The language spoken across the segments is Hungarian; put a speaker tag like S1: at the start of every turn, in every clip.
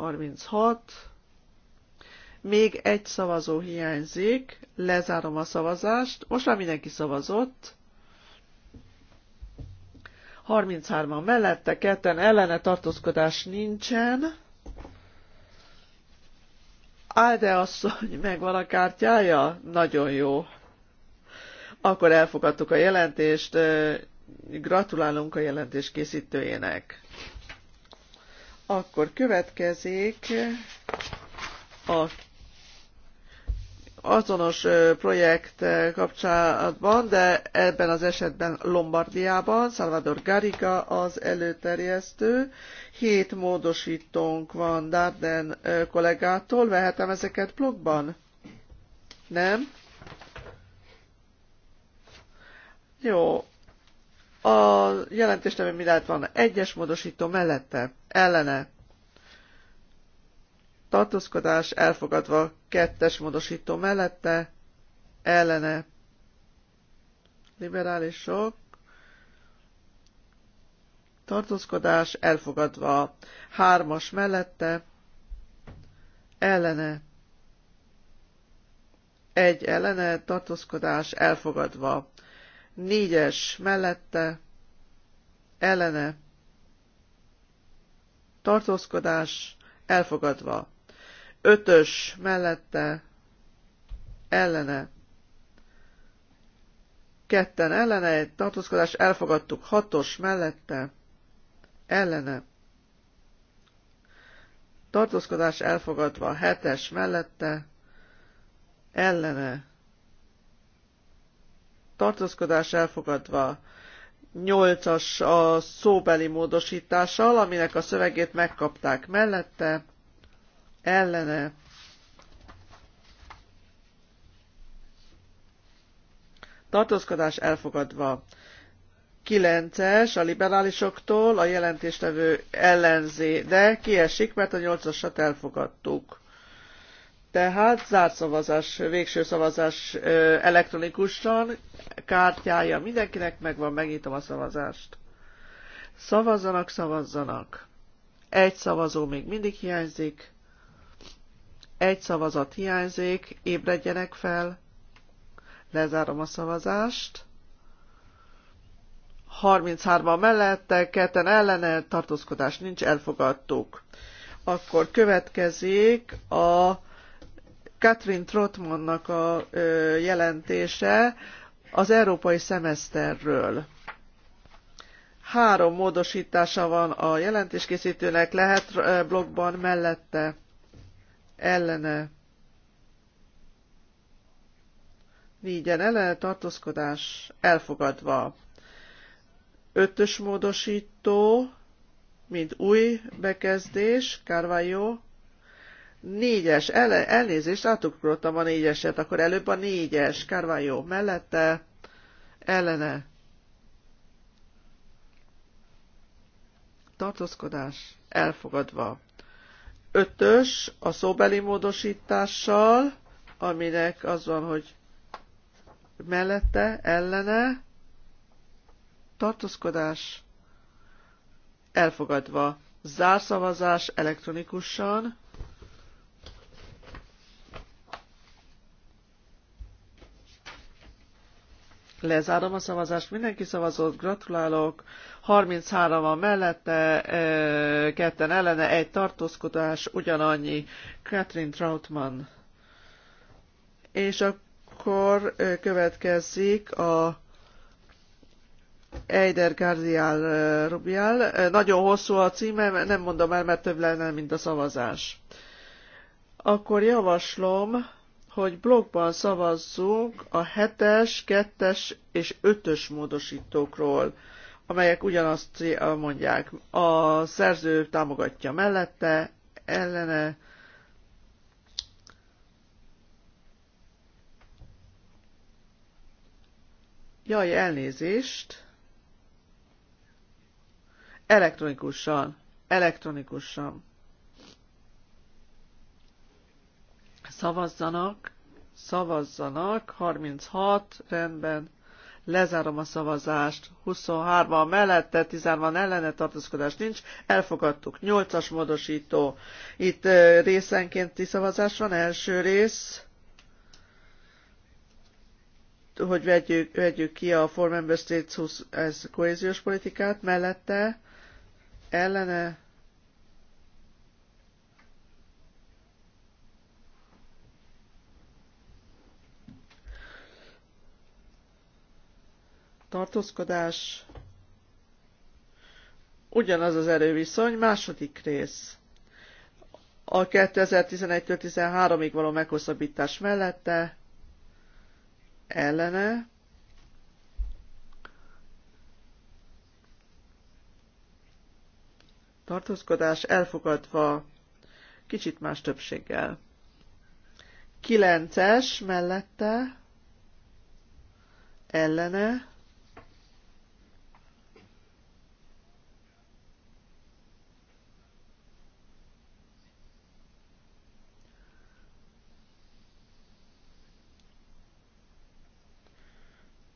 S1: 36. Még egy szavazó hiányzik. Lezárom a szavazást. Most már mindenki szavazott. 33-an mellette, ketten ellene tartózkodás nincsen. de asszony, megvan a kártyája? Nagyon jó. Akkor elfogadtuk a jelentést. Gratulálunk a jelentés készítőjének. Akkor következik a azonos projekt kapcsolatban, de ebben az esetben Lombardiában, Salvador Garriga az előterjesztő. Hét módosítónk van Darden kollégától. Vehetem ezeket blogban? Nem? Jó, a jelentés nem lehet van. Egyes módosító mellette, ellene. Tartózkodás elfogadva, kettes módosító mellette, ellene. Liberálisok. Tartózkodás elfogadva, hármas mellette, ellene. Egy ellene tartózkodás elfogadva. Négyes mellette ellene tartózkodás elfogadva. Ötös mellette ellene ketten ellene tartózkodás elfogadtuk. Hatos mellette ellene tartózkodás elfogadva. Hetes mellette ellene tartózkodás elfogadva. 8-as a szóbeli módosítással, aminek a szövegét megkapták mellette, ellene. Tartózkodás elfogadva. 9-es a liberálisoktól a jelentéstevő ellenzi, de kiesik, mert a 8-asat elfogadtuk. Tehát zárt szavazás, végső szavazás elektronikusan, kártyája mindenkinek megvan, megnyitom a szavazást. Szavazzanak, szavazzanak. Egy szavazó még mindig hiányzik. Egy szavazat hiányzik, ébredjenek fel. Lezárom a szavazást. 33-an mellette, ketten ellene, tartózkodás nincs, elfogadtuk. Akkor következik a Katrin Trotmannak a jelentése az európai szemeszterről. Három módosítása van a jelentéskészítőnek, lehet blogban mellette, ellene. Négyen ellene tartózkodás elfogadva. Ötös módosító, mint új bekezdés, Carvalho Négyes, el, elnézést, átugrottam a négyeset, akkor előbb a négyes, Carvalho mellette, ellene. Tartózkodás elfogadva. Ötös, a szóbeli módosítással, aminek az van, hogy mellette, ellene, tartózkodás elfogadva. Zárszavazás elektronikusan. Lezárom a szavazást, mindenki szavazott, gratulálok. 33 van mellette, ketten ellene, egy tartózkodás, ugyanannyi. Catherine Trautmann. És akkor következik a Eider Gardial Rubial. Nagyon hosszú a címe, nem mondom el, mert több lenne, mint a szavazás. Akkor javaslom, hogy blogban szavazzunk a 7-es, 2-es és 5-ös módosítókról, amelyek ugyanazt mondják. A szerző támogatja mellette, ellene, Jaj, elnézést! Elektronikusan. Elektronikusan. Szavazzanak, szavazzanak, 36, rendben, lezárom a szavazást, 23-an mellette, 13 an ellene tartózkodás nincs, elfogadtuk, 8-as módosító, itt részenkénti szavazás van, első rész, hogy vegyük, vegyük ki a Four Member States 20, ez kohéziós politikát, mellette, ellene, tartózkodás, ugyanaz az erőviszony, második rész. A 2011 13-ig való meghosszabbítás mellette, ellene, tartózkodás elfogadva kicsit más többséggel. 9-es mellette, ellene,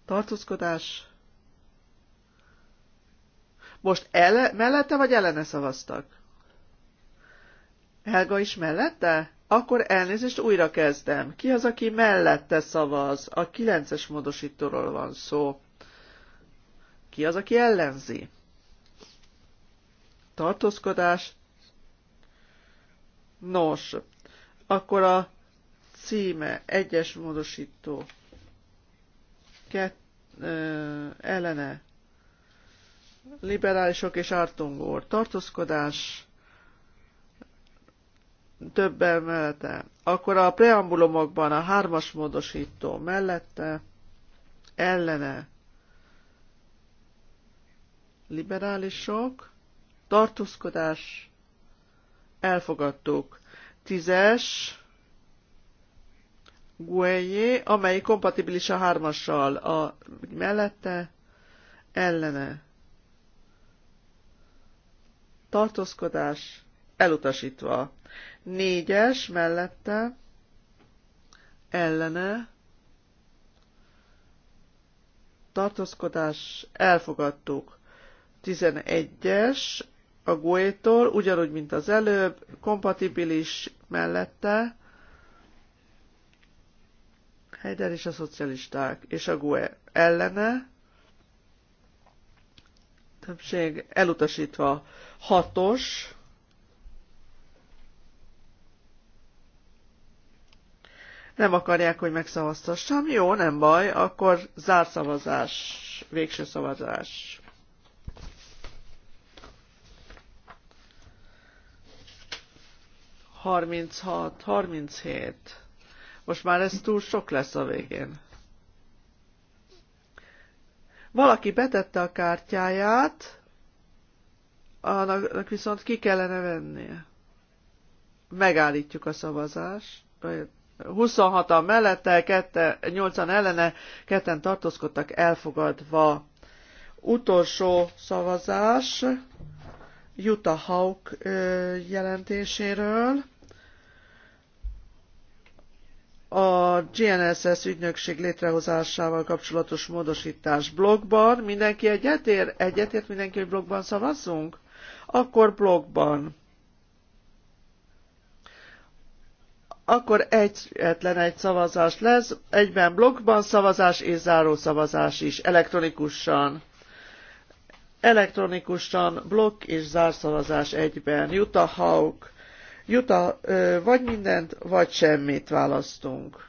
S1: tartózkodás. Most ele, mellette vagy ellene szavaztak? Helga is mellette? Akkor elnézést újra kezdem. Ki az, aki mellette szavaz? A kilences módosítóról van szó. Ki az, aki ellenzi? Tartózkodás. Nos, akkor a címe egyes módosító kett, ö, ellene liberálisok és artungor tartózkodás többen mellette. Akkor a preambulumokban a hármas módosító mellette ellene liberálisok, tartózkodás, elfogadtuk. Tízes, Guéjé, amely kompatibilis a hármassal. A mellette ellene tartózkodás elutasítva. Négyes mellette ellene tartózkodás elfogadtuk. tizenegyes a Guétól, ugyanúgy, mint az előbb, kompatibilis mellette Heider és a szocialisták, és a GUE ellene, többség elutasítva hatos, nem akarják, hogy megszavaztassam. Jó, nem baj, akkor szavazás, végső szavazás. Harminchat, harminchét. Most már ez túl sok lesz a végén. Valaki betette a kártyáját, annak viszont ki kellene vennie. Megállítjuk a szavazást. 26-an mellette, 8-an ellene, ketten tartózkodtak elfogadva. Utolsó szavazás Jutta Hauk jelentéséről a GNSS ügynökség létrehozásával kapcsolatos módosítás blogban. Mindenki egyetért? Egyetért mindenki, hogy blogban szavazzunk? Akkor blogban. Akkor egyetlen egy szavazás lesz, egyben blogban szavazás és záró szavazás is, elektronikusan. Elektronikusan blokk és zárszavazás egyben. Jutta Hauk. Juta, vagy mindent, vagy semmit választunk.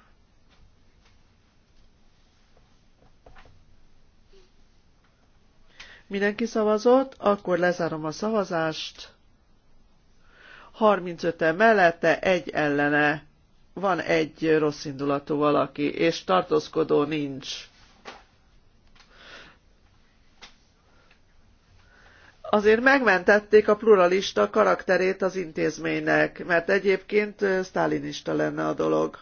S1: Mindenki szavazott, akkor lezárom a szavazást. 35 e mellette, egy ellene. Van egy rossz indulatú valaki, és tartózkodó nincs. azért megmentették a pluralista karakterét az intézménynek, mert egyébként sztálinista lenne a dolog.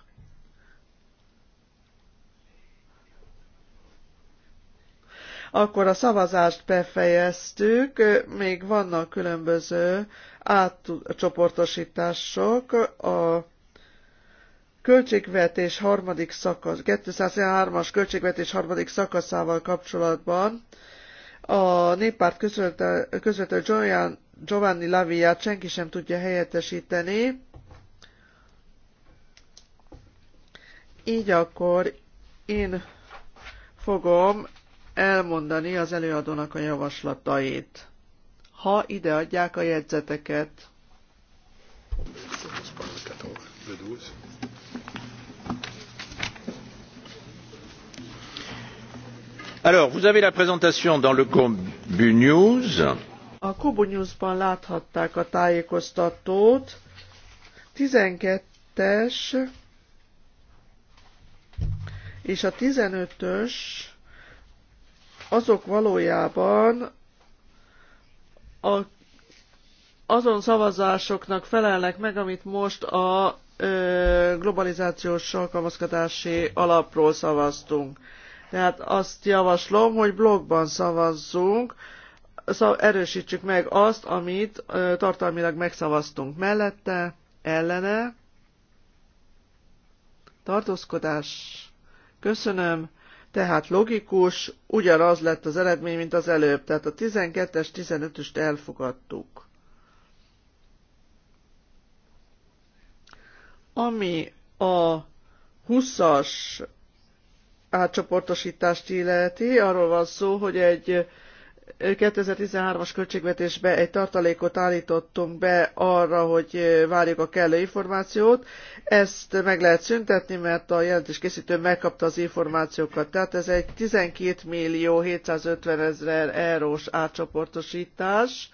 S1: Akkor a szavazást befejeztük, még vannak különböző átcsoportosítások. A költségvetés harmadik szakasz, 213-as költségvetés harmadik szakaszával kapcsolatban a néppárt közvető Giovanni Laviát senki sem tudja helyettesíteni. Így akkor én fogom elmondani az előadónak a javaslatait, ha ide adják a jegyzeteket. vous avez la présentation dans le News. A Kobu News-ban láthatták a tájékoztatót. 12-es és a 15-ös azok valójában a, azon szavazásoknak felelnek meg, amit most a ö, globalizációs alkalmazkodási alapról szavaztunk. Tehát azt javaslom, hogy blogban szavazzunk, szóval erősítsük meg azt, amit tartalmilag megszavaztunk mellette, ellene. Tartózkodás. Köszönöm. Tehát logikus, ugyanaz lett az eredmény, mint az előbb. Tehát a 12-es, 15-öst elfogadtuk. Ami a 20-as átcsoportosítást illeti, arról van szó, hogy egy 2013-as költségvetésbe egy tartalékot állítottunk be arra, hogy várjuk a kellő információt. Ezt meg lehet szüntetni, mert a jelentéskészítő megkapta az információkat. Tehát ez egy 12 millió 750 ezer eurós átcsoportosítás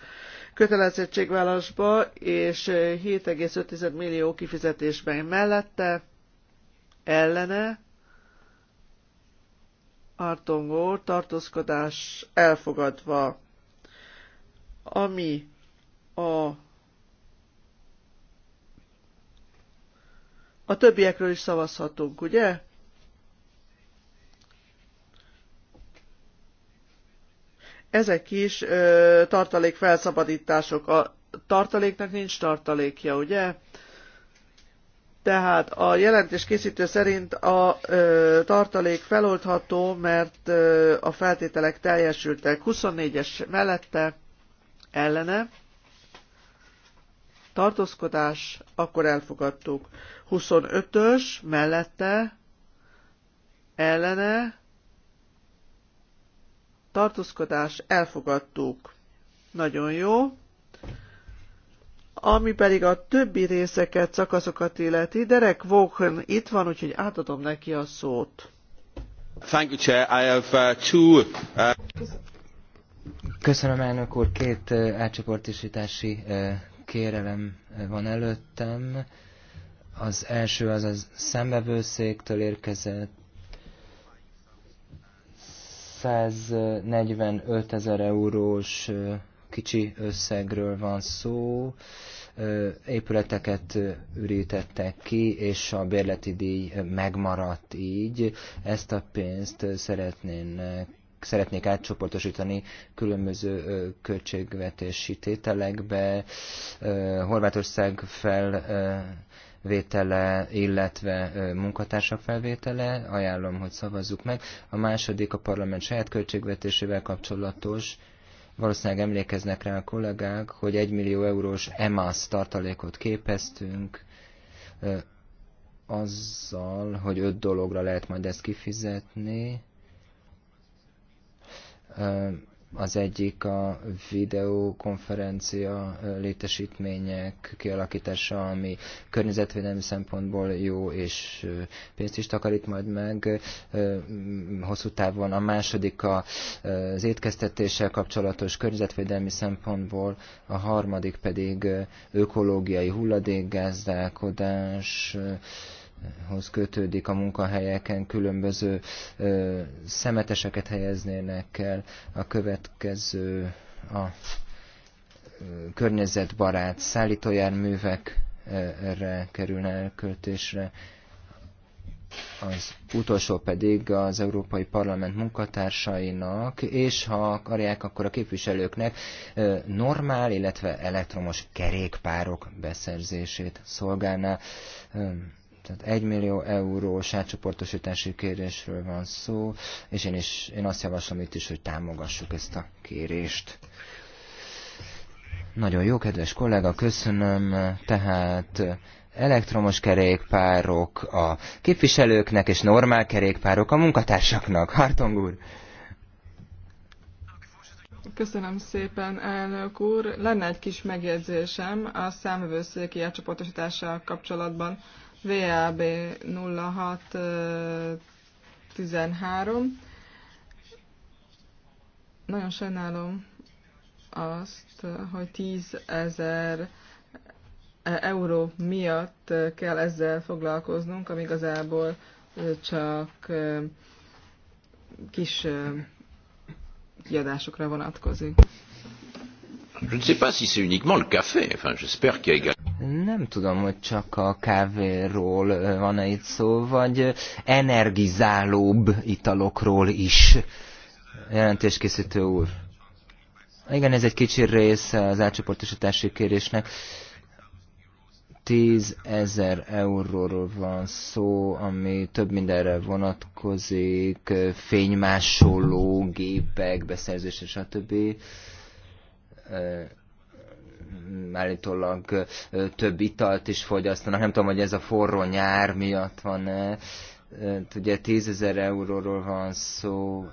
S1: kötelezettségvállalásba és 7,5 millió kifizetésben mellette, ellene, Artongó tartózkodás elfogadva. Ami a A többiekről is szavazhatunk, ugye? Ezek is ö, tartalék felszabadítások. A tartaléknak nincs tartalékja, ugye? Tehát a jelentés készítő szerint a ö, tartalék feloldható, mert ö, a feltételek teljesültek. 24-es mellette ellene tartózkodás, akkor elfogadtuk. 25-ös mellette ellene tartózkodás, elfogadtuk. Nagyon jó ami pedig a többi részeket, szakaszokat illeti. Derek Vaughan itt van, úgyhogy átadom neki a szót. Thank you, Chair. I have, uh, two, uh...
S2: Köszönöm, elnök úr. Két uh, átcsoportosítási uh, kérelem uh, van előttem. Az első az a szembevőszéktől érkezett 145 ezer eurós uh, kicsi összegről van szó, épületeket ürítettek ki, és a bérleti díj megmaradt így. Ezt a pénzt szeretnének szeretnék átcsoportosítani különböző költségvetési tételekbe. Horvátország vétele, illetve munkatársak felvétele, ajánlom, hogy szavazzuk meg. A második a parlament saját költségvetésével kapcsolatos, Valószínűleg emlékeznek rá a kollégák, hogy 1 millió eurós EMAS tartalékot képeztünk, azzal, hogy öt dologra lehet majd ezt kifizetni. Az egyik a videokonferencia létesítmények kialakítása, ami környezetvédelmi szempontból jó, és pénzt is takarít majd meg hosszú távon. A második az étkeztetéssel kapcsolatos környezetvédelmi szempontból, a harmadik pedig ökológiai hulladékgazdálkodás, hoz kötődik a munkahelyeken, különböző ö, szemeteseket helyeznének el. A következő a ö, környezetbarát szállítójárművekre kerülne elköltésre. Az utolsó pedig az Európai Parlament munkatársainak, és ha akarják, akkor a képviselőknek ö, normál, illetve elektromos kerékpárok beszerzését szolgálná. Ö, tehát 1 millió eurós átcsoportosítási kérésről van szó, és én, is, én azt javaslom itt is, hogy támogassuk ezt a kérést. Nagyon jó, kedves kollega, köszönöm. Tehát elektromos kerékpárok a képviselőknek, és normál kerékpárok a munkatársaknak. Hartong úr!
S3: Köszönöm szépen, elnök úr. Lenne egy kis megjegyzésem a számvevőszéki elcsoportosítással kapcsolatban. VAB 0613. Nagyon sajnálom azt, hogy 10 ezer e, euró miatt kell ezzel foglalkoznunk, ami igazából csak kis kiadásokra vonatkozik.
S2: Je ne sais pas si c'est uniquement le café. Enfin, j'espère qu'il y a nem tudom, hogy csak a kávéról van-e itt szó, vagy energizálóbb italokról is. Jelentéskészítő úr. Igen, ez egy kicsi része az átcsoportosítási kérésnek. 10 ezer euróról van szó, ami több mindenre vonatkozik, fénymásoló, gépek, beszerzés, stb állítólag több italt is fogyasztanak. Nem tudom, hogy ez a forró nyár miatt van-e. Ugye 10 euróról van szó,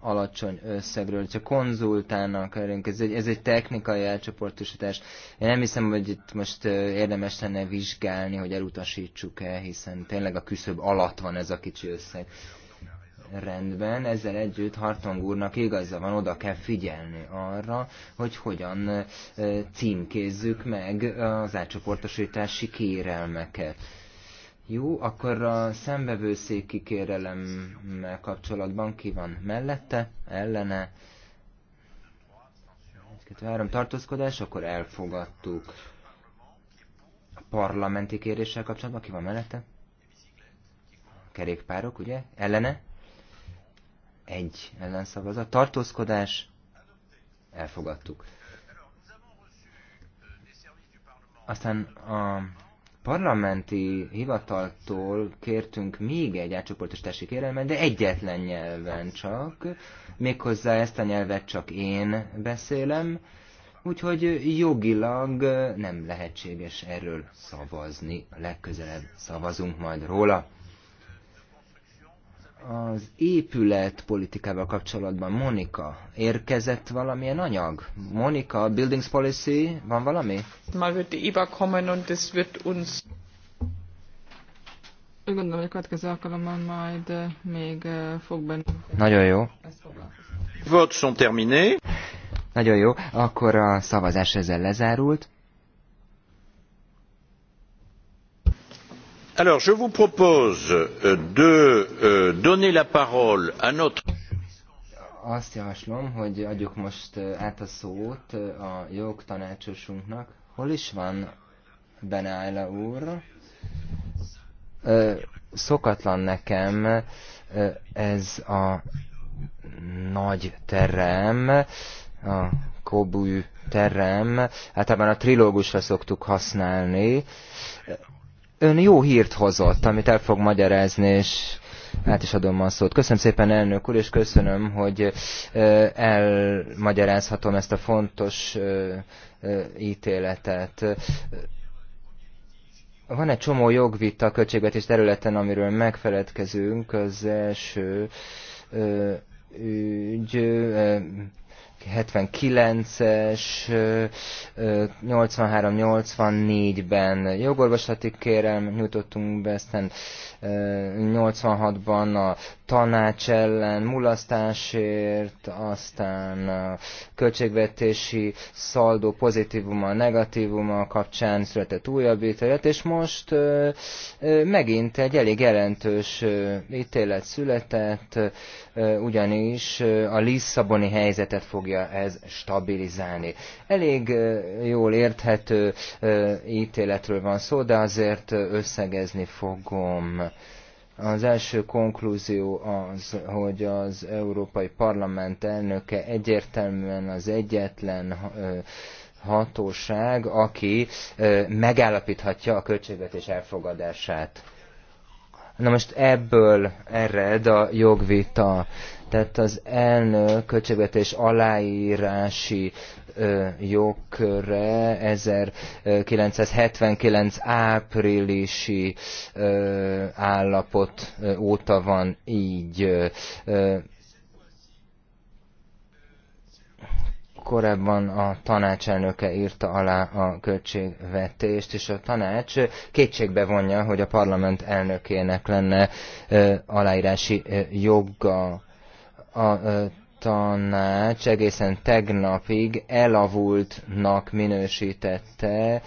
S2: alacsony összegről, csak konzultálnak erünk, ez egy, ez egy technikai elcsoportosítás. Én nem hiszem, hogy itt most érdemes lenne vizsgálni, hogy elutasítsuk-e, hiszen tényleg a küszöb alatt van ez a kicsi összeg rendben, ezzel együtt Hartong úrnak igaza van, oda kell figyelni arra, hogy hogyan címkézzük meg az átcsoportosítási kérelmeket. Jó, akkor a szembevőszéki kérelemmel kapcsolatban ki van mellette, ellene? Egy-két 3 tartózkodás, akkor elfogadtuk. A parlamenti kéréssel kapcsolatban ki van mellette? Kerékpárok, ugye? Ellene? egy ellenszavazat. Tartózkodás, elfogadtuk. Aztán a parlamenti hivataltól kértünk még egy átcsoportosítási kérelmet, de egyetlen nyelven csak. Méghozzá ezt a nyelvet csak én beszélem, úgyhogy jogilag nem lehetséges erről szavazni. Legközelebb szavazunk majd róla az épület politikával kapcsolatban, Monika, érkezett valamilyen anyag? Monika, Buildings Policy, van valami?
S3: Mal wird die IBA kommen und es wird uns... Gondolom, hogy a következő alkalommal majd eh, még eh, fog benne.
S2: Nagyon jó. Votes sont terminés. Nagyon jó, akkor a szavazás ezzel lezárult.
S1: Alors, je vous propose euh, de euh, donner la parole à notre
S2: azt javaslom, hogy adjuk most euh, át a szót a jogtanácsosunknak. Hol is van Benála úr? Szokatlan nekem ez a nagy terem, a kobú terem. Általában a trilógusra szoktuk használni ön jó hírt hozott, amit el fog magyarázni, és át is adom a szót. Köszönöm szépen, elnök úr, és köszönöm, hogy elmagyarázhatom ezt a fontos ítéletet. Van egy csomó jogvita a költségvetés területen, amiről megfeledkezünk. Az első ügy 79-es, 83-84-ben jogorvoslati kérelmet nyújtottunk be, aztán 86-ban a tanács ellen mulasztásért, aztán a költségvetési szaldó pozitívuma, negatívuma kapcsán született újabb ítélet, és most megint egy elég jelentős ítélet született, ugyanis a Lisszaboni helyzetet fog fogja ez stabilizálni. Elég jól érthető ítéletről van szó, de azért összegezni fogom. Az első konklúzió az, hogy az Európai Parlament elnöke egyértelműen az egyetlen hatóság, aki megállapíthatja a költségvetés elfogadását. Na most ebből ered a jogvita tehát az elnök költségvetés aláírási jogköre 1979 áprilisi állapot óta van így. korábban a tanácselnöke írta alá a költségvetést, és a tanács kétségbe vonja, hogy a parlament elnökének lenne aláírási joga a tanács egészen tegnapig elavultnak minősítette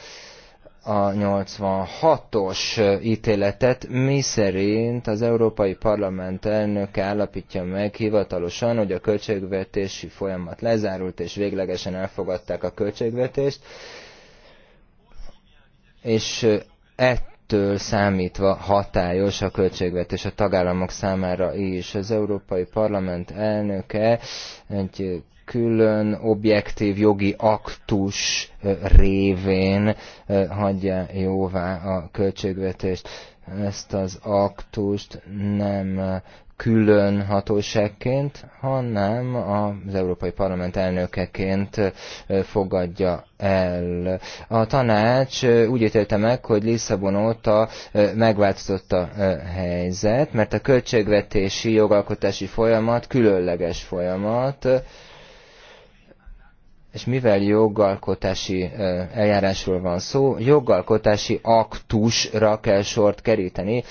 S2: a 86-os ítéletet, mi szerint az Európai Parlament elnöke állapítja meg hivatalosan, hogy a költségvetési folyamat lezárult, és véglegesen elfogadták a költségvetést, és ett től számítva hatályos a költségvetés a tagállamok számára is. Az Európai Parlament elnöke egy külön objektív jogi aktus révén hagyja jóvá a költségvetést. Ezt az aktust nem külön hatóságként, hanem az Európai Parlament elnökeként fogadja el. A tanács úgy ítélte meg, hogy Lisszabon óta megváltozott a helyzet, mert a költségvetési jogalkotási folyamat különleges folyamat, és mivel jogalkotási eljárásról van szó, jogalkotási aktusra kell sort keríteni,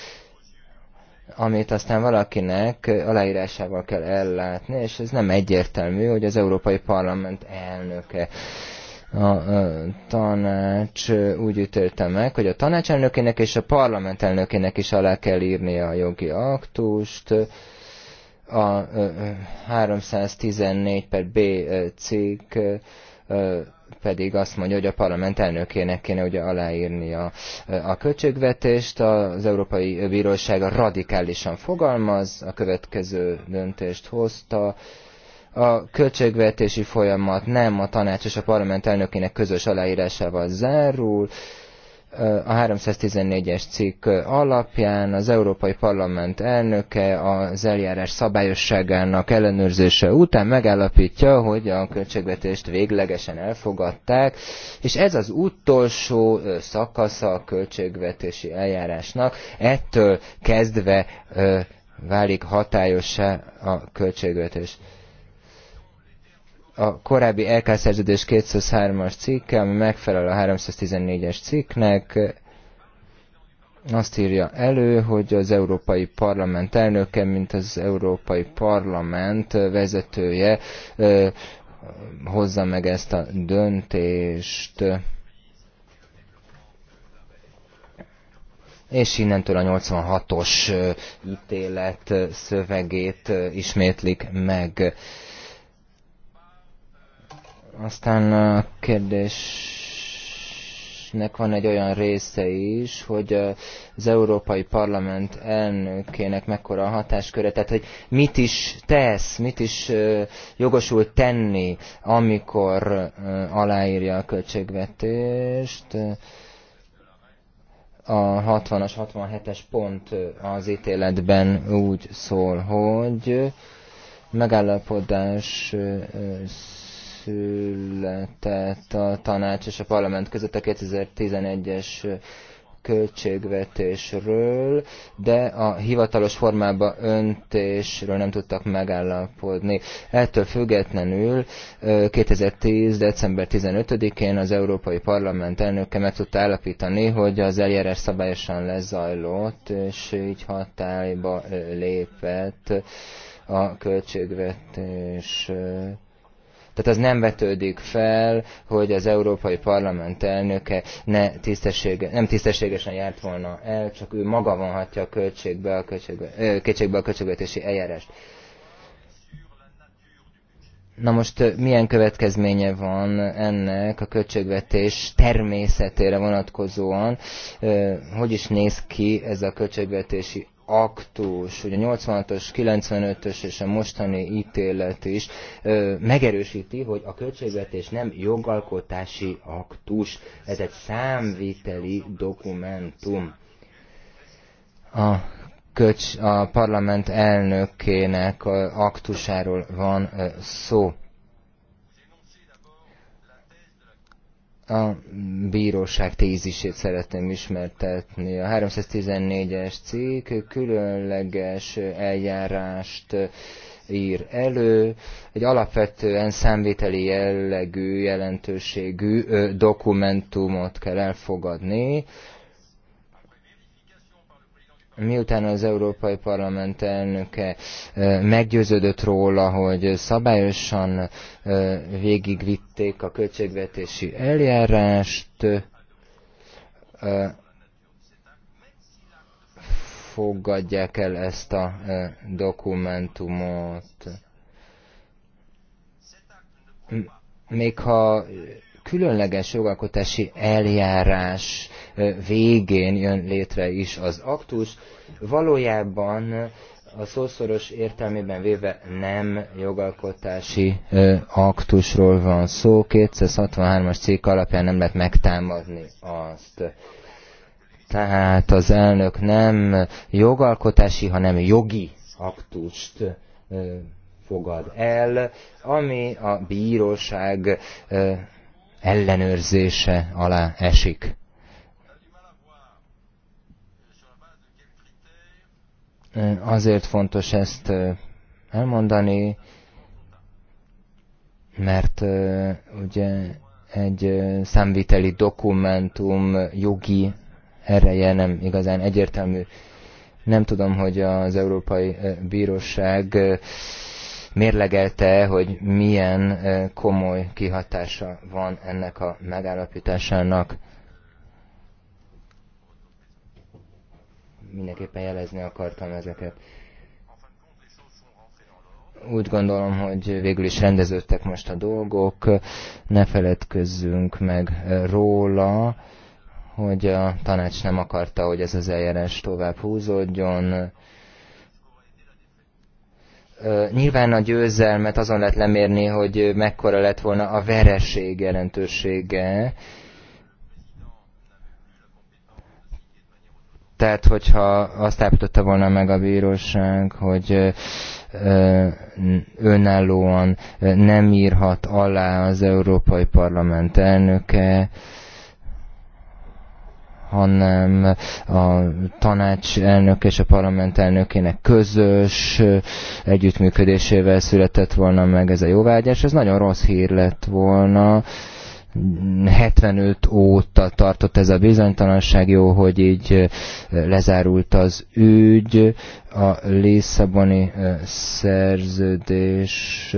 S2: amit aztán valakinek aláírásával kell ellátni, és ez nem egyértelmű, hogy az Európai Parlament elnöke a tanács úgy ítélte meg, hogy a tanács elnökének és a parlament elnökének is alá kell írni a jogi aktust, a 314 per B cikk pedig azt mondja, hogy a parlament elnökének kéne ugye aláírni a, a költségvetést. Az Európai Bíróság radikálisan fogalmaz, a következő döntést hozta, a költségvetési folyamat nem a tanács és a parlament elnökének közös aláírásával zárul, a 314-es cikk alapján az Európai Parlament elnöke az eljárás szabályosságának ellenőrzése után megállapítja, hogy a költségvetést véglegesen elfogadták, és ez az utolsó szakasza a költségvetési eljárásnak, ettől kezdve válik hatályossá a költségvetés a korábbi LK szerződés 203-as cikke, ami megfelel a 314-es cikknek, azt írja elő, hogy az Európai Parlament elnöke, mint az Európai Parlament vezetője hozza meg ezt a döntést. És innentől a 86-os ítélet szövegét ismétlik meg. Aztán a kérdésnek van egy olyan része is, hogy az Európai Parlament elnökének mekkora a hatásköre, tehát hogy mit is tesz, mit is jogosult tenni, amikor aláírja a költségvetést a 60-as, 67-es pont az ítéletben úgy szól, hogy megállapodás született a tanács és a parlament között a 2011-es költségvetésről, de a hivatalos formába öntésről nem tudtak megállapodni. Ettől függetlenül 2010. december 15-én az Európai Parlament elnöke meg tudta állapítani, hogy az eljárás szabályosan lezajlott, és így hatályba lépett a költségvetés tehát az nem vetődik fel, hogy az Európai Parlament elnöke ne tisztessége, nem tisztességesen járt volna el, csak ő maga vonhatja a költségbe a, költségbe, a költségvetési eljárást. Na most milyen következménye van ennek a költségvetés természetére vonatkozóan? Hogy is néz ki ez a költségvetési aktus, ugye a 86-os, 95-ös és a mostani ítélet is ö, megerősíti, hogy a költségvetés nem jogalkotási aktus, ez egy számviteli dokumentum. A köcs, a parlament elnökének aktusáról van szó. a bíróság tézisét szeretném ismertetni. A 314-es cikk különleges eljárást ír elő, egy alapvetően számvételi jellegű, jelentőségű dokumentumot kell elfogadni, miután az Európai Parlament elnöke meggyőződött róla, hogy szabályosan végigvitték a költségvetési eljárást, fogadják el ezt a dokumentumot. Még ha különleges jogalkotási eljárás végén jön létre is az aktus. Valójában a szószoros értelmében véve nem jogalkotási ö, aktusról van szó, 263-as cikk alapján nem lehet megtámadni azt. Tehát az elnök nem jogalkotási, hanem jogi aktust ö, fogad el, ami a bíróság ö, ellenőrzése alá esik. Azért fontos ezt elmondani, mert ugye egy számviteli dokumentum jogi ereje nem igazán egyértelmű. Nem tudom, hogy az Európai Bíróság mérlegelte, hogy milyen komoly kihatása van ennek a megállapításának. mindenképpen jelezni akartam ezeket. Úgy gondolom, hogy végül is rendeződtek most a dolgok, ne feledkezzünk meg róla, hogy a tanács nem akarta, hogy ez az eljárás tovább húzódjon. Nyilván a győzelmet azon lehet lemérni, hogy mekkora lett volna a vereség jelentősége, Tehát, hogyha azt állapította volna meg a bíróság, hogy önállóan nem írhat alá az Európai Parlament elnöke, hanem a tanács elnök és a parlament elnökének közös együttműködésével született volna meg ez a jóvágyás. Ez nagyon rossz hír lett volna 75 óta tartott ez a bizonytalanság, jó, hogy így lezárult az ügy, a Lisszaboni szerződés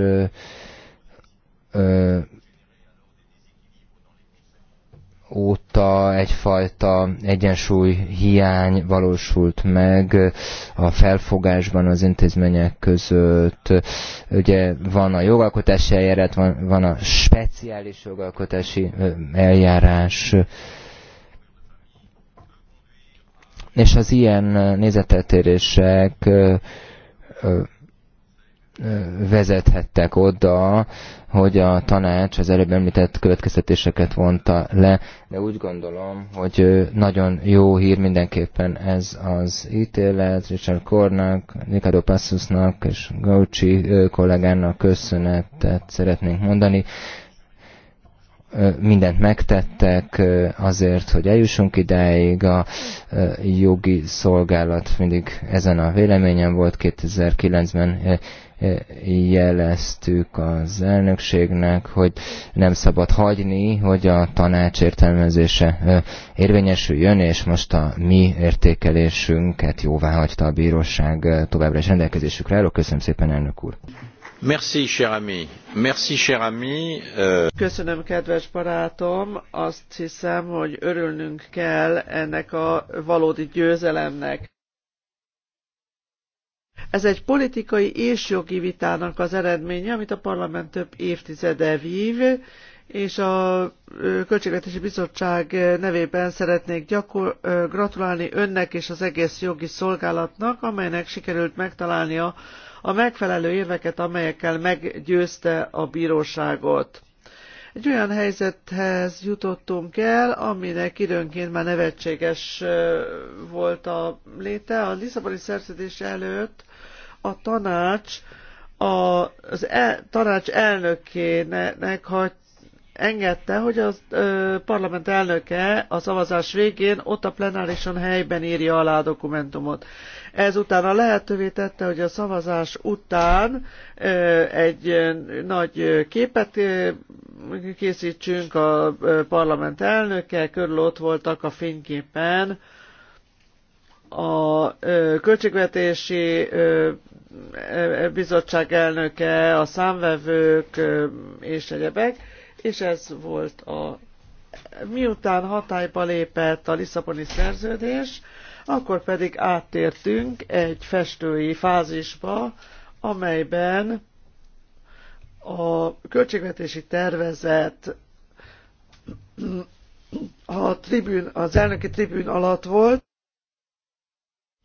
S2: óta egyfajta egyensúly hiány valósult meg a felfogásban az intézmények között. Ugye van a jogalkotási eljárás, van, van a speciális jogalkotási eljárás, és az ilyen nézeteltérések vezethettek oda, hogy a tanács az előbb említett következtetéseket vonta le, de úgy gondolom, hogy nagyon jó hír mindenképpen ez az ítélet, Richard Kornak, Nikado Passusnak és Gauci kollégának köszönetet szeretnénk mondani. Mindent megtettek azért, hogy eljussunk idáig. A jogi szolgálat mindig ezen a véleményen volt 2009-ben jeleztük az elnökségnek, hogy nem szabad hagyni, hogy a tanács értelmezése érvényesüljön, és most a mi értékelésünket jóvá hagyta a bíróság továbbra is rendelkezésükre Erről Köszönöm szépen, elnök úr!
S1: Merci, cher ami. Merci, cher ami. Köszönöm, kedves barátom. Azt hiszem, hogy örülnünk kell ennek a valódi győzelemnek. Ez egy politikai és jogi vitának az eredménye, amit a parlament több évtizede vív, és a Költségvetési Bizottság nevében szeretnék gyakor- gratulálni önnek és az egész jogi szolgálatnak, amelynek sikerült megtalálnia a megfelelő érveket, amelyekkel meggyőzte a bíróságot. Egy olyan helyzethez jutottunk el, aminek időnként már nevetséges volt a léte. A Lisszaboni szerződés előtt a tanács a, az el, tanács elnökének hagy, engedte, hogy a parlament elnöke a szavazás végén ott a plenárison helyben írja alá a dokumentumot. Ezután a lehetővé tette, hogy a szavazás után egy nagy képet készítsünk a parlament elnöke, körül ott voltak a fényképen a költségvetési bizottság elnöke, a számvevők és egyebek, és ez volt a... Miután hatályba lépett a Lisszaboni szerződés, akkor pedig áttértünk egy festői fázisba, amelyben a költségvetési tervezet a tribün, az elnöki tribün alatt volt,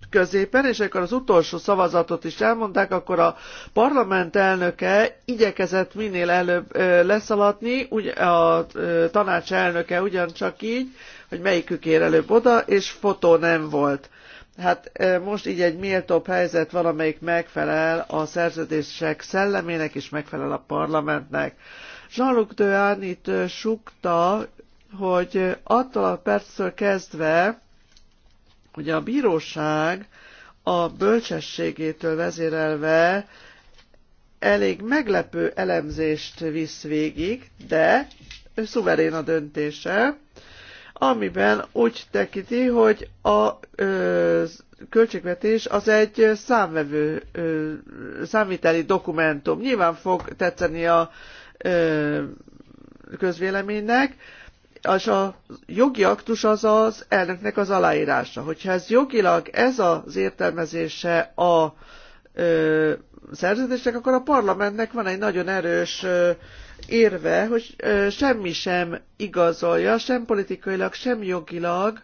S1: középen, és akkor az utolsó szavazatot is elmondták, akkor a parlament elnöke igyekezett minél előbb leszaladni, a tanács elnöke ugyancsak így, hogy melyikük ér előbb oda, és fotó nem volt. Hát most így egy méltóbb helyzet van, amelyik megfelel a szerződések szellemének, és megfelel a parlamentnek. Jean-Luc Dehaene itt sukta, hogy attól a perctől kezdve, hogy a bíróság a bölcsességétől vezérelve elég meglepő elemzést visz végig, de szuverén a döntése, amiben úgy tekinti, hogy a ö, költségvetés az egy számvevő, ö, számviteli dokumentum. Nyilván fog tetszeni a ö, közvéleménynek, és a jogi aktus az az elnöknek az aláírása. Hogyha ez jogilag ez az értelmezése a ö, szerződésnek, akkor a parlamentnek van egy nagyon erős ö, érve, hogy ö, semmi sem igazolja, sem politikailag, sem jogilag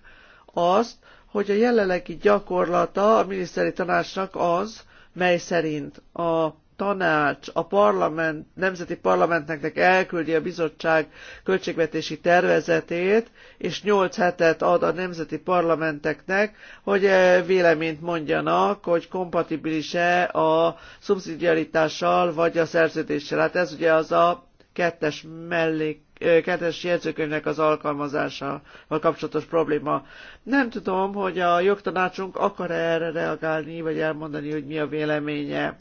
S1: azt, hogy a jelenlegi gyakorlata a miniszteri tanácsnak az, mely szerint a tanács a parlament, nemzeti parlamentnek elküldi a bizottság költségvetési tervezetét, és 8 hetet ad a nemzeti parlamenteknek, hogy eh, véleményt mondjanak, hogy kompatibilis-e a szubszidiaritással vagy a szerződéssel. Hát ez ugye az a kettes mellék eh, kettes jegyzőkönyvnek az alkalmazásával kapcsolatos probléma. Nem tudom, hogy a jogtanácsunk akar -e erre reagálni, vagy elmondani, hogy mi a véleménye.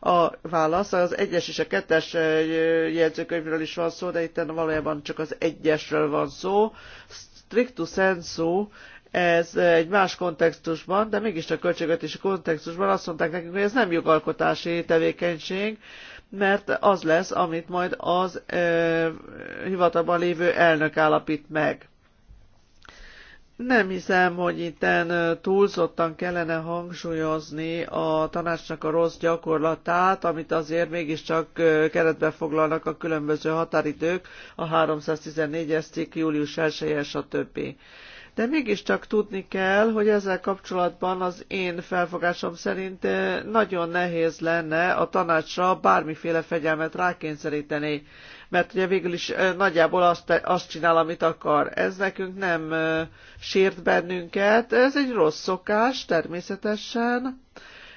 S1: A válasz az egyes és a kettes jegyzőkönyvről is van szó, de itt valójában csak az egyesről van szó. Strictus sensu ez egy más kontextusban, de mégis a költségvetési kontextusban azt mondták nekünk, hogy ez nem jogalkotási tevékenység, mert az lesz, amit majd az ö, hivatalban lévő elnök állapít meg. Nem hiszem, hogy itten eh, túlzottan kellene hangsúlyozni a tanácsnak a rossz gyakorlatát, amit azért mégiscsak eh, keretbe foglalnak a különböző határidők, a 314-es cikk, július 1 stb. De mégiscsak tudni kell, hogy ezzel kapcsolatban az én felfogásom szerint eh, nagyon nehéz lenne a tanácsra bármiféle fegyelmet rákényszeríteni mert ugye végül is nagyjából azt, azt csinál, amit akar. Ez nekünk nem sért bennünket, ez egy rossz szokás természetesen,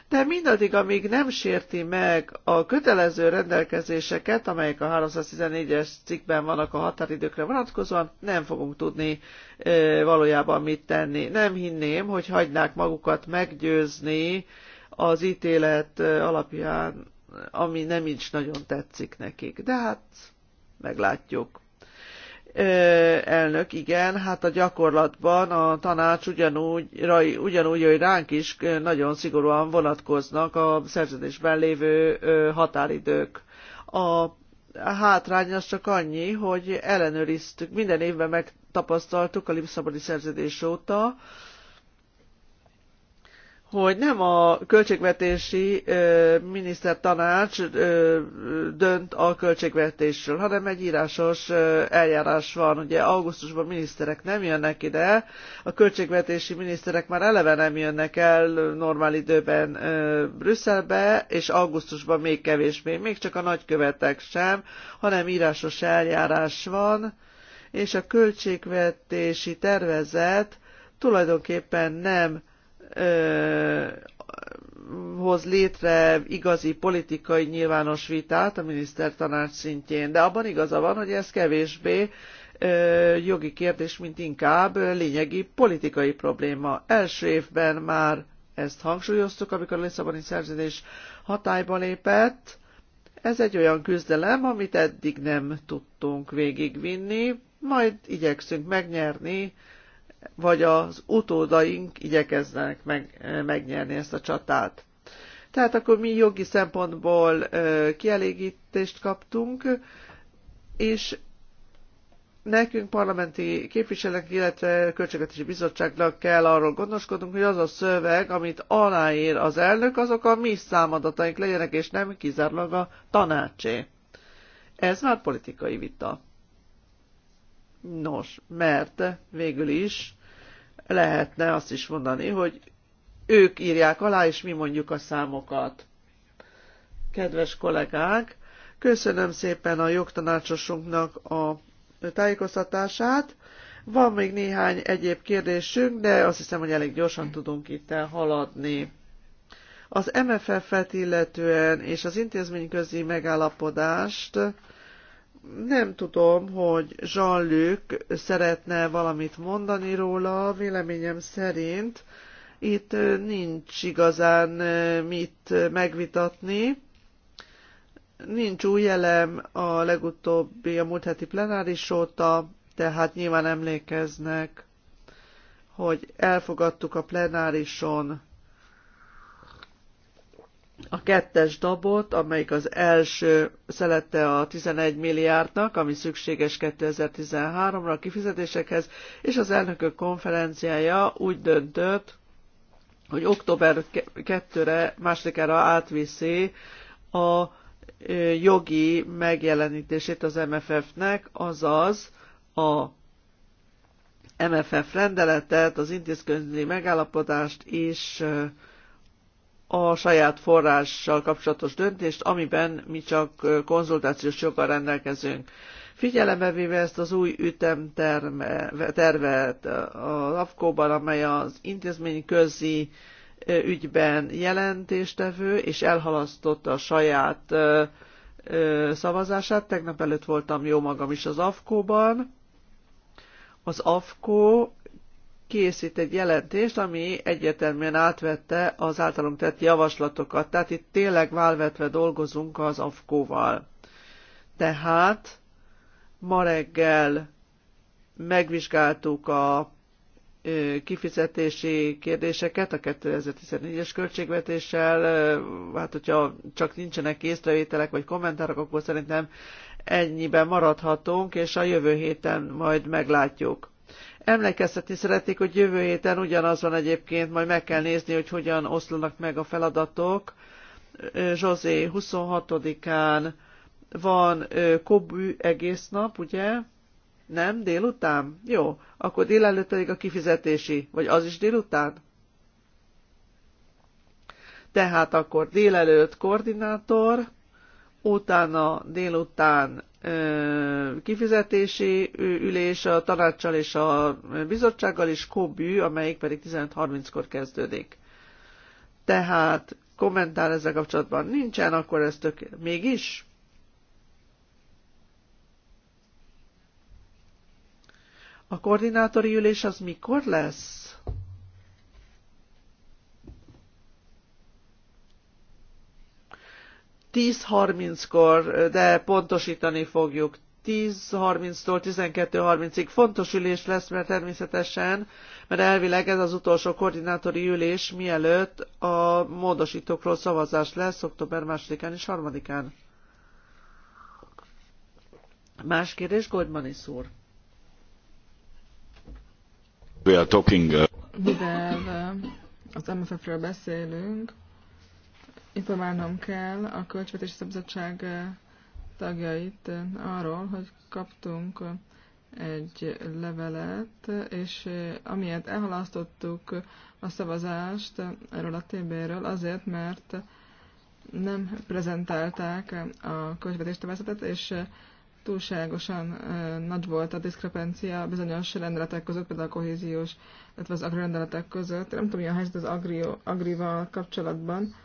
S1: de mindaddig, amíg nem sérti meg a kötelező rendelkezéseket, amelyek a 314-es cikkben vannak a határidőkre vonatkozóan, nem fogunk tudni e, valójában mit tenni. Nem hinném, hogy hagynák magukat meggyőzni az ítélet alapján, ami nem is nagyon tetszik nekik. De hát meglátjuk. Elnök, igen, hát a gyakorlatban a tanács ugyanúgy, ugyanúgy, hogy ránk is nagyon szigorúan vonatkoznak a szerződésben lévő határidők. A hátrány az csak annyi, hogy ellenőriztük, minden évben megtapasztaltuk a Lisszaboni szerződés óta, hogy nem a költségvetési minisztertanács dönt a költségvetésről, hanem egy írásos eljárás van. Ugye augusztusban miniszterek nem jönnek ide, a költségvetési miniszterek már eleve nem jönnek el normál időben Brüsszelbe, és augusztusban még kevésbé, még csak a nagykövetek sem, hanem írásos eljárás van, és a költségvetési tervezet tulajdonképpen nem ö, hoz létre igazi politikai nyilvános vitát a minisztertanács szintjén. De abban igaza van, hogy ez kevésbé ö, jogi kérdés, mint inkább lényegi politikai probléma. Első évben már ezt hangsúlyoztuk, amikor a Lisszaboni szerződés hatályba lépett. Ez egy olyan küzdelem, amit eddig nem tudtunk végigvinni, majd igyekszünk megnyerni vagy az utódaink igyekeznek meg, megnyerni ezt a csatát. Tehát akkor mi jogi szempontból kielégítést kaptunk, és nekünk parlamenti képviselők, illetve költségvetési bizottságnak kell arról gondoskodnunk, hogy az a szöveg, amit aláír az elnök, azok a mi számadataink legyenek, és nem kizárólag a tanácsé. Ez már politikai vita. Nos, mert végül is lehetne azt is mondani, hogy ők írják alá, és mi mondjuk a számokat. Kedves kollégák, köszönöm szépen a jogtanácsosunknak a tájékoztatását. Van még néhány egyéb kérdésünk, de azt hiszem, hogy elég gyorsan tudunk itt haladni. Az MFF-et illetően és az intézményközi megállapodást nem tudom, hogy Jean-Luc szeretne valamit mondani róla, véleményem szerint itt nincs igazán mit megvitatni. Nincs új elem a legutóbbi, a múlt heti plenáris óta, tehát nyilván emlékeznek, hogy elfogadtuk a plenárison a kettes dabot, amelyik az első szelette a 11 milliárdnak, ami szükséges 2013-ra a kifizetésekhez, és az elnökök konferenciája úgy döntött, hogy október 2-re, másodikára átviszi a jogi megjelenítését az MFF-nek, azaz a MFF rendeletet, az intézkedési megállapodást és a saját forrással kapcsolatos döntést, amiben mi csak konzultációs joggal rendelkezünk. Figyelembe véve ezt az új ütemtervet az lapkóban, ban amely az intézmény közi ügyben jelentéstevő, és elhalasztotta a saját szavazását. Tegnap előtt voltam jó magam is az AFKO-ban. Az AFKO készít egy jelentést, ami egyértelműen átvette az általunk tett javaslatokat. Tehát itt tényleg válvetve dolgozunk az AFKO-val. Tehát ma reggel megvizsgáltuk a kifizetési kérdéseket a 2014-es költségvetéssel. Hát, hogyha csak nincsenek észrevételek vagy kommentárok, akkor szerintem ennyiben maradhatunk, és a jövő héten majd meglátjuk. Emlékeztetni szeretnék, hogy jövő héten ugyanaz van egyébként, majd meg kell nézni, hogy hogyan oszlanak meg a feladatok. Zsozé 26-án van kobű egész nap, ugye? Nem? Délután? Jó. Akkor délelőtt pedig a kifizetési. Vagy az is délután? Tehát akkor délelőtt koordinátor, utána délután kifizetési ülés a tanácssal és a bizottsággal, és kobű, amelyik pedig 15.30-kor kezdődik. Tehát kommentár ezzel kapcsolatban nincsen, akkor ez tök... Mégis? A koordinátori ülés az mikor lesz? 10.30-kor, de pontosítani fogjuk, 10.30-tól 12.30-ig fontos ülés lesz, mert természetesen, mert elvileg ez az utolsó koordinátori ülés, mielőtt a módosítókról szavazás lesz október 2-án és 3-án. Más kérdés, Goldman úr.
S2: We are talking, uh...
S3: Mivel uh, az MFF-ről beszélünk, informálnom kell a Költségvetési Szabadság tagjait arról, hogy kaptunk egy levelet, és amiért elhalasztottuk a szavazást erről a TB-ről, azért, mert nem prezentálták a költségvetési tervezetet, és túlságosan nagy volt a diszkrepencia bizonyos rendeletek között, például a kohéziós, illetve az agri rendeletek között. Nem tudom, mi a helyzet az agri, agrival kapcsolatban,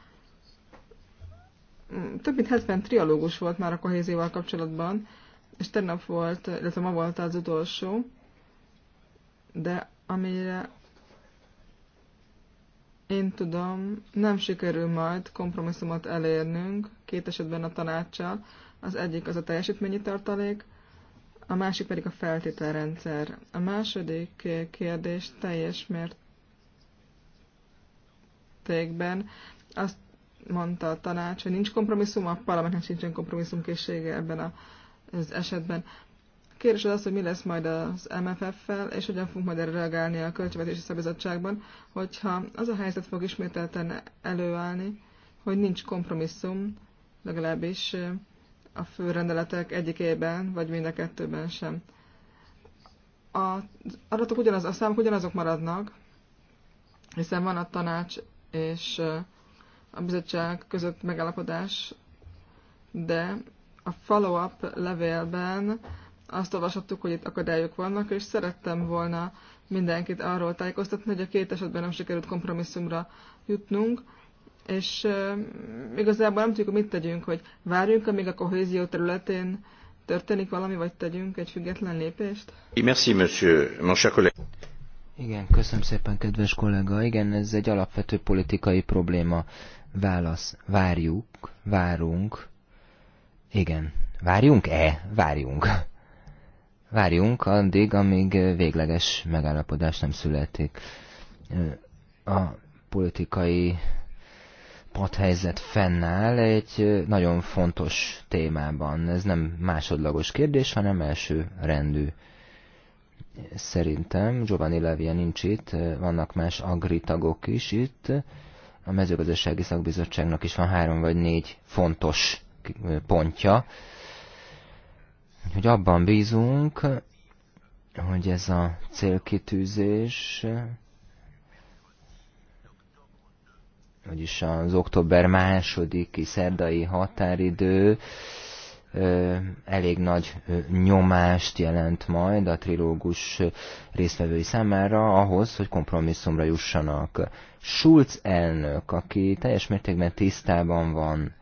S3: több mint 70 trialógus volt már a kohézióval kapcsolatban, és tegnap volt, illetve ma volt az utolsó, de amire én tudom, nem sikerül majd kompromisszumot elérnünk, két esetben a tanácssal. Az egyik az a teljesítményi tartalék, a másik pedig a feltételrendszer. A második kérdés teljes mértékben azt mondta a tanács, hogy nincs kompromisszum, a parlamentnek sincsen kompromisszumkészsége ebben az esetben. kérdés az az, hogy mi lesz majd az MFF-fel, és hogyan fogunk majd erre reagálni a Költségvetési Szabizottságban, hogyha az a helyzet fog ismételten előállni, hogy nincs kompromisszum, legalábbis a főrendeletek egyikében, vagy mind a kettőben sem. A adatok ugyanaz, a számok ugyanazok maradnak, hiszen van a tanács és a bizottság között megállapodás, de a follow-up levélben azt olvashattuk, hogy itt akadályok vannak, és szerettem volna mindenkit arról tájékoztatni, hogy a két esetben nem sikerült kompromisszumra jutnunk, és euh, igazából nem tudjuk, hogy mit tegyünk, hogy várjunk, amíg a kohézió területén történik valami, vagy tegyünk egy független lépést.
S1: Merci, monsieur, mon
S2: Igen, köszönöm szépen, kedves kollega. Igen, ez egy alapvető politikai probléma. Válasz, várjuk, várunk. Igen, várjunk-e? Várjunk. Várjunk addig, amíg végleges megállapodás nem születik. A politikai padhelyzet fennáll egy nagyon fontos témában. Ez nem másodlagos kérdés, hanem első rendű. Szerintem Giovanni Levia nincs itt, vannak más agritagok is itt a mezőgazdasági szakbizottságnak is van három vagy négy fontos eh, pontja, hogy abban bízunk, hogy ez a célkitűzés, vagyis az október másodiki szerdai határidő elég nagy nyomást jelent majd a trilógus résztvevői számára ahhoz, hogy kompromisszumra jussanak. Schulz elnök, aki teljes mértékben tisztában van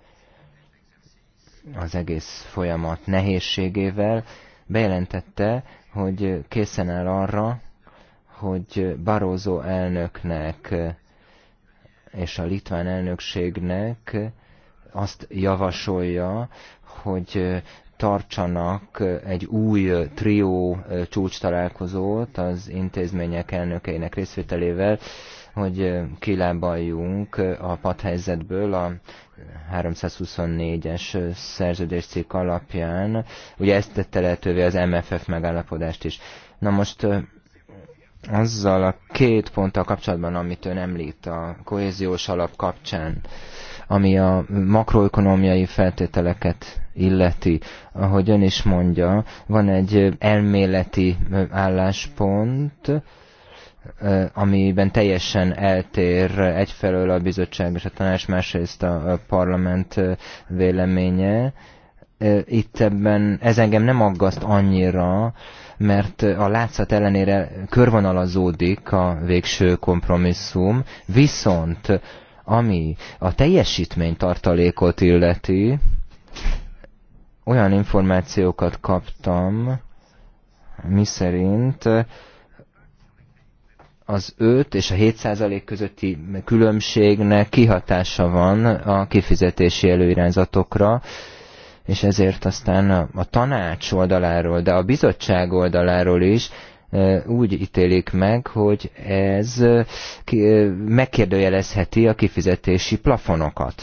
S2: az egész folyamat nehézségével, bejelentette, hogy készen áll arra, hogy Barózó elnöknek és a litván elnökségnek azt javasolja, hogy tartsanak egy új trió csúcs találkozót az intézmények elnökeinek részvételével, hogy kilábaljunk a padhelyzetből a 324-es szerződéscikk alapján. Ugye ezt tette lehetővé az MFF megállapodást is. Na most azzal a két ponttal kapcsolatban, amit ön említ a kohéziós alap kapcsán, ami a makroökonomiai feltételeket illeti, ahogy ön is mondja, van egy elméleti álláspont, amiben teljesen eltér egyfelől a bizottság és a tanács, másrészt a parlament véleménye. Itt ebben ez engem nem aggaszt annyira, mert a látszat ellenére körvonalazódik a végső kompromisszum, viszont ami a teljesítménytartalékot illeti, olyan információkat kaptam, miszerint az 5 és a 7 százalék közötti különbségnek kihatása van a kifizetési előirányzatokra, és ezért aztán a tanács oldaláról, de a bizottság oldaláról is úgy ítélik meg, hogy ez megkérdőjelezheti a kifizetési plafonokat.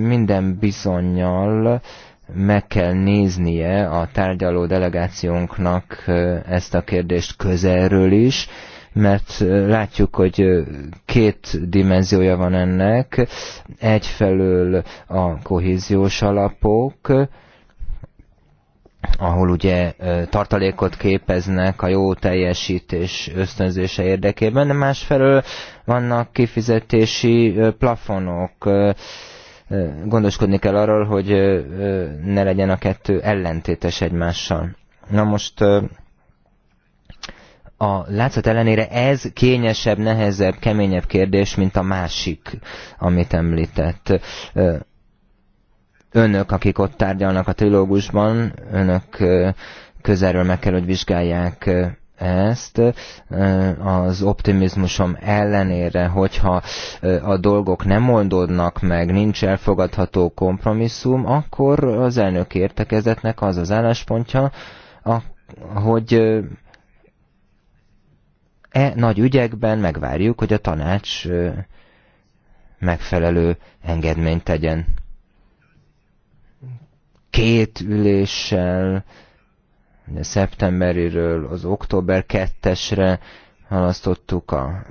S2: Minden bizonyal meg kell néznie a tárgyaló delegációnknak ezt a kérdést közelről is, mert látjuk, hogy két dimenziója van ennek. Egyfelől a kohéziós alapok, ahol ugye tartalékot képeznek a jó teljesítés ösztönzése érdekében, de másfelől vannak kifizetési plafonok, gondoskodni kell arról, hogy ne legyen a kettő ellentétes egymással. Na most a látszat ellenére ez kényesebb, nehezebb, keményebb kérdés, mint a másik, amit említett önök, akik ott tárgyalnak a trilógusban, önök közelről meg kell, hogy vizsgálják ezt az optimizmusom ellenére, hogyha a dolgok nem oldódnak meg, nincs elfogadható kompromisszum, akkor az elnök értekezetnek az az álláspontja, hogy e nagy ügyekben megvárjuk, hogy a tanács megfelelő engedményt tegyen két üléssel, ugye szeptemberiről az október 2-esre halasztottuk a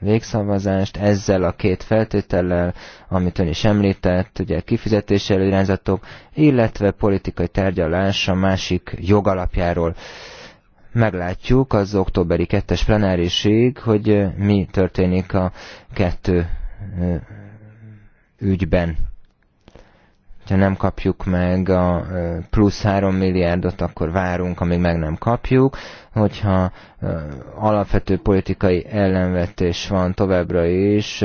S2: végszavazást ezzel a két feltétellel, amit ön is említett, ugye kifizetési előirányzatok, illetve politikai tárgyalás a másik jogalapjáról. Meglátjuk az októberi kettes plenárisig, hogy mi történik a kettő ügyben ha nem kapjuk meg a plusz 3 milliárdot, akkor várunk, amíg meg nem kapjuk hogyha alapvető politikai ellenvetés van továbbra is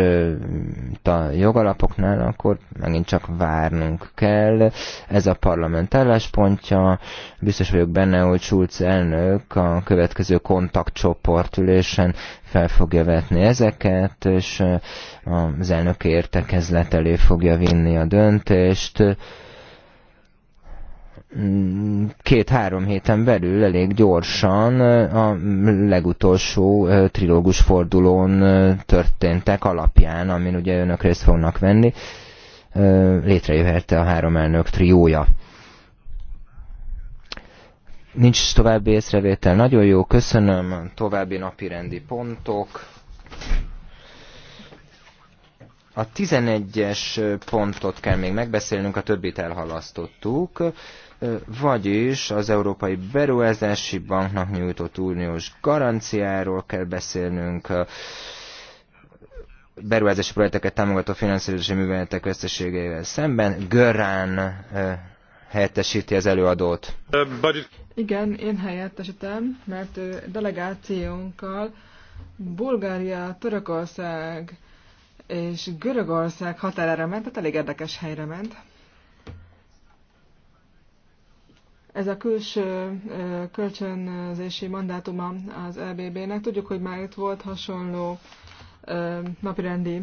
S2: a jogalapoknál, akkor megint csak várnunk kell. Ez a parlament álláspontja. Biztos vagyok benne, hogy Schulz elnök a következő kontaktcsoportülésen fel fogja vetni ezeket, és az elnök értekezlet elé fogja vinni a döntést. Mm, két-három héten belül elég gyorsan a legutolsó trilógus fordulón történtek alapján, amin ugye önök részt fognak venni, létrejöhette a három elnök triója. Nincs további észrevétel. Nagyon jó, köszönöm. További napirendi pontok. A 11-es pontot kell még megbeszélnünk, a többit elhalasztottuk vagyis az Európai Beruházási Banknak nyújtott uniós garanciáról kell beszélnünk, beruházási projekteket támogató finanszírozási műveletek összességeivel szemben. Görán helyettesíti az előadót.
S3: Igen, én helyettesítem, mert delegációnkkal Bulgária, Törökország és Görögország határára ment, tehát elég érdekes helyre ment. ez a külső kölcsönzési mandátuma az EBB-nek. Tudjuk, hogy már itt volt hasonló napirendi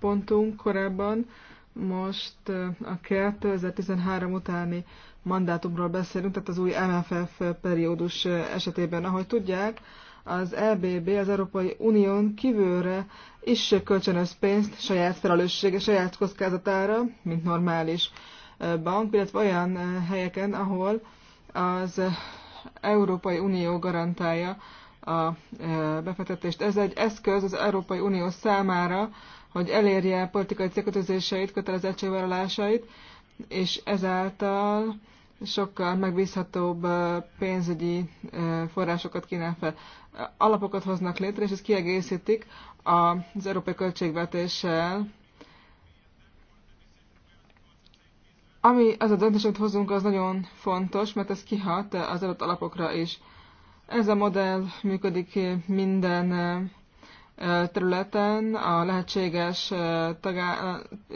S3: pontunk korábban. Most a 2013 utáni mandátumról beszélünk, tehát az új MFF periódus esetében. Ahogy tudják, az EBB, az Európai Unión kívülre is kölcsönöz pénzt saját felelőssége, saját kockázatára, mint normális bank, illetve olyan eh, helyeken, ahol az Európai Unió garantálja a eh, befektetést. Ez egy eszköz az Európai Unió számára, hogy elérje a politikai célkötözéseit, kötelezettségvállalásait, és ezáltal sokkal megbízhatóbb eh, pénzügyi forrásokat kínál fel. Alapokat hoznak létre, és ezt kiegészítik az európai költségvetéssel, ami az a döntés, amit hozunk, az nagyon fontos, mert ez kihat az adott alapokra is. Ez a modell működik minden területen, a lehetséges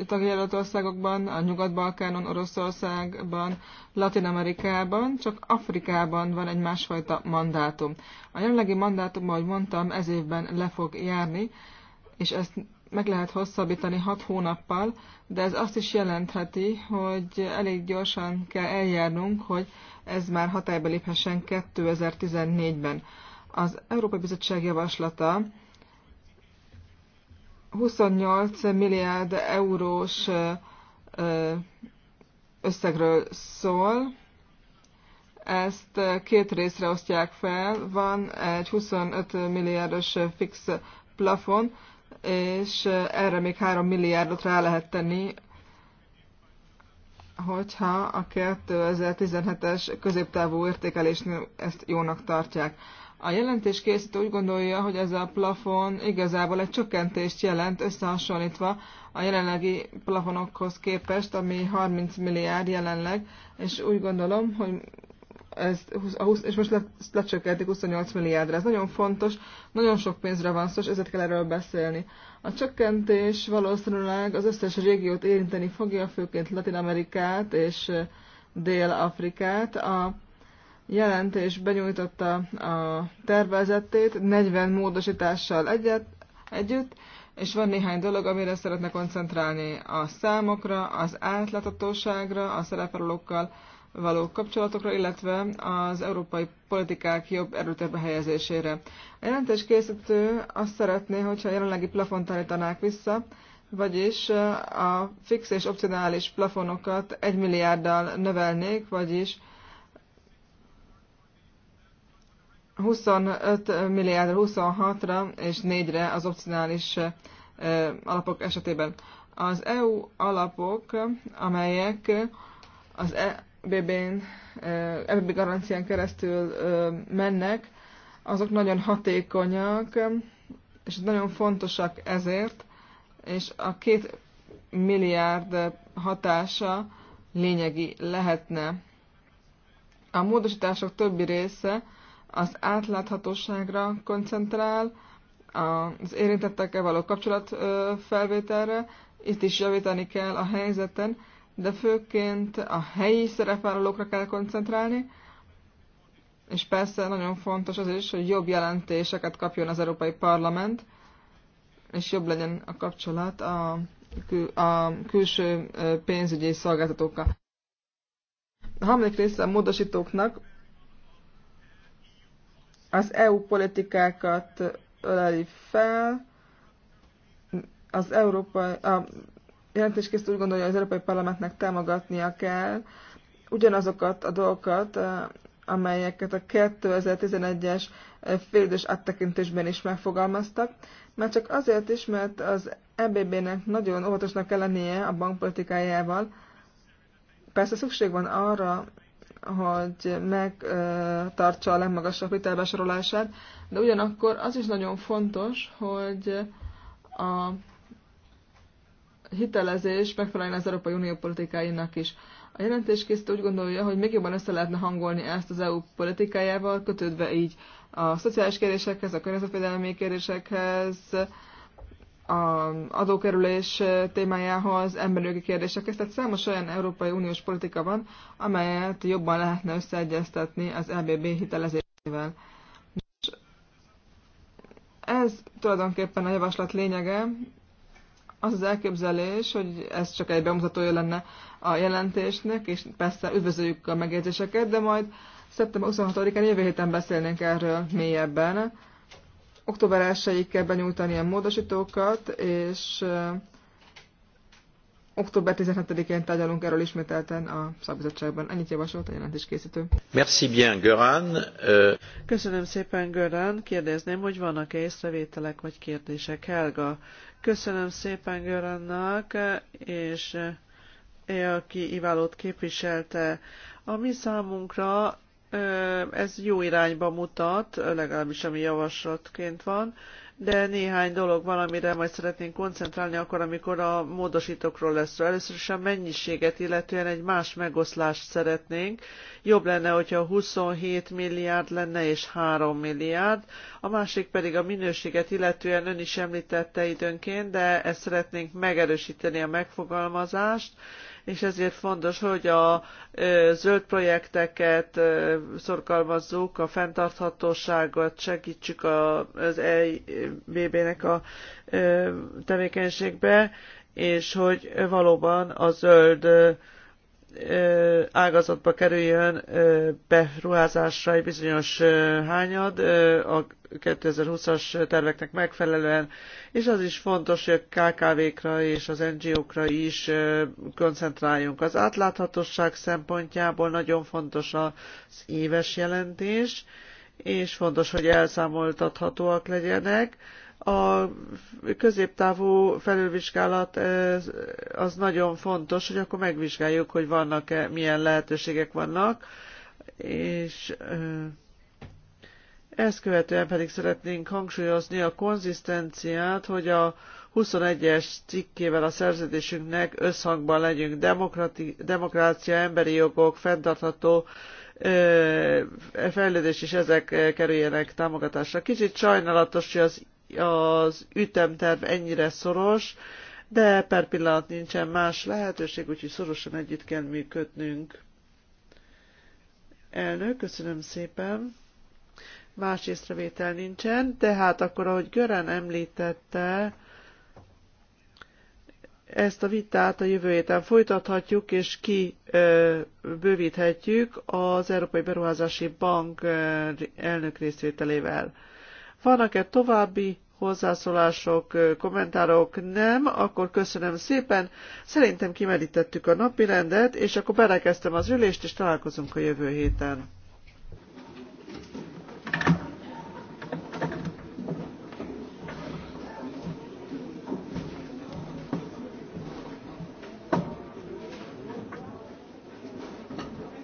S3: tagjelölt országokban, a Nyugat-Balkánon, Oroszországban, Latin-Amerikában, csak Afrikában van egy másfajta mandátum. A jelenlegi mandátum, ahogy mondtam, ez évben le fog járni, és ezt meg lehet hosszabbítani hat hónappal, de ez azt is jelentheti, hogy elég gyorsan kell eljárnunk, hogy ez már hatályba léphessen 2014-ben. Az Európai Bizottság javaslata 28 milliárd eurós összegről szól. Ezt két részre osztják fel. Van egy 25 milliárdos fix plafon, és erre még 3 milliárdot rá lehet tenni, hogyha a 2017-es középtávú értékelésnél ezt jónak tartják. A jelentés készítő úgy gondolja, hogy ez a plafon igazából egy csökkentést jelent összehasonlítva a jelenlegi plafonokhoz képest, ami 30 milliárd jelenleg, és úgy gondolom, hogy ez, a 20, és most le, lecsökkentik 28 milliárdra. Ez nagyon fontos, nagyon sok pénzre van szó, és ezért kell erről beszélni. A csökkentés valószínűleg az összes régiót érinteni fogja, főként Latin Amerikát és Dél-Afrikát. A jelentés benyújtotta a tervezetét 40 módosítással egyet, együtt, és van néhány dolog, amire szeretne koncentrálni a számokra, az átláthatóságra, a szerepelőkkel, való kapcsolatokra, illetve az európai politikák jobb erőtérbe helyezésére. A jelentés készítő azt szeretné, hogyha a jelenlegi plafont állítanák vissza, vagyis eh, a fix és opcionális plafonokat 1 milliárddal növelnék, vagyis 25 milliárdra, 26-ra és 4-re az opcionális eh, alapok esetében. Az EU alapok, amelyek az e bb n FB garancián keresztül mennek, azok nagyon hatékonyak, és nagyon fontosak ezért, és a két milliárd hatása lényegi lehetne. A módosítások többi része az átláthatóságra koncentrál, az érintettekkel való kapcsolatfelvételre, itt is javítani kell a helyzeten, de főként a helyi szerepvállalókra kell koncentrálni, és persze nagyon fontos az is, hogy jobb jelentéseket kapjon az Európai Parlament, és jobb legyen a kapcsolat a, kül- a külső pénzügyi szolgáltatókkal. A harmadik része a módosítóknak az EU politikákat öleli fel, az Európai, jelentéskészít úgy gondolja, hogy az Európai Parlamentnek támogatnia kell ugyanazokat a dolgokat, amelyeket a 2011-es félidős áttekintésben is megfogalmaztak, már csak azért is, mert az EBB-nek nagyon óvatosnak kell lennie a bankpolitikájával. Persze szükség van arra, hogy megtartsa a legmagasabb hitelbesorolását, de ugyanakkor az is nagyon fontos, hogy a hitelezés megfelelően az Európai Unió politikáinak is. A jelentéskészítő úgy gondolja, hogy még jobban össze lehetne hangolni ezt az EU politikájával, kötődve így a szociális kérdésekhez, a környezetvédelmi kérdésekhez, a adókerülés témájához, jogi kérdésekhez. Tehát számos olyan Európai Uniós politika van, amelyet jobban lehetne összeegyeztetni az EBB hitelezésével. ez tulajdonképpen a javaslat lényege, az az elképzelés, hogy ez csak egy bemutatója lenne a jelentésnek, és persze üdvözöljük a megjegyzéseket, de majd szeptember 26-án jövő héten beszélnénk erről mélyebben. Október 1-ig kell benyújtani a módosítókat, és eh, október 17-én tárgyalunk erről ismételten a szakbizottságban. Ennyit javasolt a készítő.
S1: Merci bien, Göran. Euh,
S3: Köszönöm szépen, Göran. Kérdezném,
S1: hogy vannak-e észrevételek vagy kérdések. Helga, Köszönöm szépen Görannak, és aki Iválót képviselte. A mi számunkra ez jó irányba mutat, legalábbis ami javaslatként van de néhány dolog van, amire majd szeretnénk koncentrálni akkor, amikor a módosítókról lesz szó. Először is a mennyiséget, illetően egy más megoszlást szeretnénk. Jobb lenne, hogyha 27 milliárd lenne és 3 milliárd. A másik pedig a minőséget, illetően ön is említette időnként, de ezt szeretnénk megerősíteni a megfogalmazást és ezért fontos, hogy a zöld projekteket szorgalmazzuk, a fenntarthatóságot segítsük az EIB-nek a tevékenységbe, és hogy valóban a zöld ágazatba kerüljön beruházásra egy bizonyos hányad a 2020-as terveknek megfelelően, és az is fontos, hogy a KKV-kra és az NGO-kra is koncentráljunk. Az átláthatóság szempontjából nagyon fontos az éves jelentés, és fontos, hogy elszámoltathatóak legyenek a középtávú felülvizsgálat eh, az nagyon fontos, hogy akkor megvizsgáljuk, hogy vannak-e, milyen lehetőségek vannak, és eh, ezt követően pedig szeretnénk hangsúlyozni a konzisztenciát, hogy a 21-es cikkével a szerződésünknek összhangban legyünk demokrácia, emberi jogok, fenntartható eh, fejlődés és ezek kerüljenek támogatásra. Kicsit sajnálatos, hogy az az ütemterv ennyire szoros, de per pillanat nincsen más lehetőség, úgyhogy szorosan együtt kell működnünk. Elnök, köszönöm szépen. Más észrevétel nincsen, tehát akkor, ahogy Gören említette, ezt a vitát a jövő héten folytathatjuk, és ki bővíthetjük az Európai Beruházási Bank elnök részvételével. Vannak-e további hozzászólások, kommentárok? Nem, akkor köszönöm szépen. Szerintem kimerítettük a napirendet, és akkor belekezdtem az ülést, és találkozunk a jövő héten.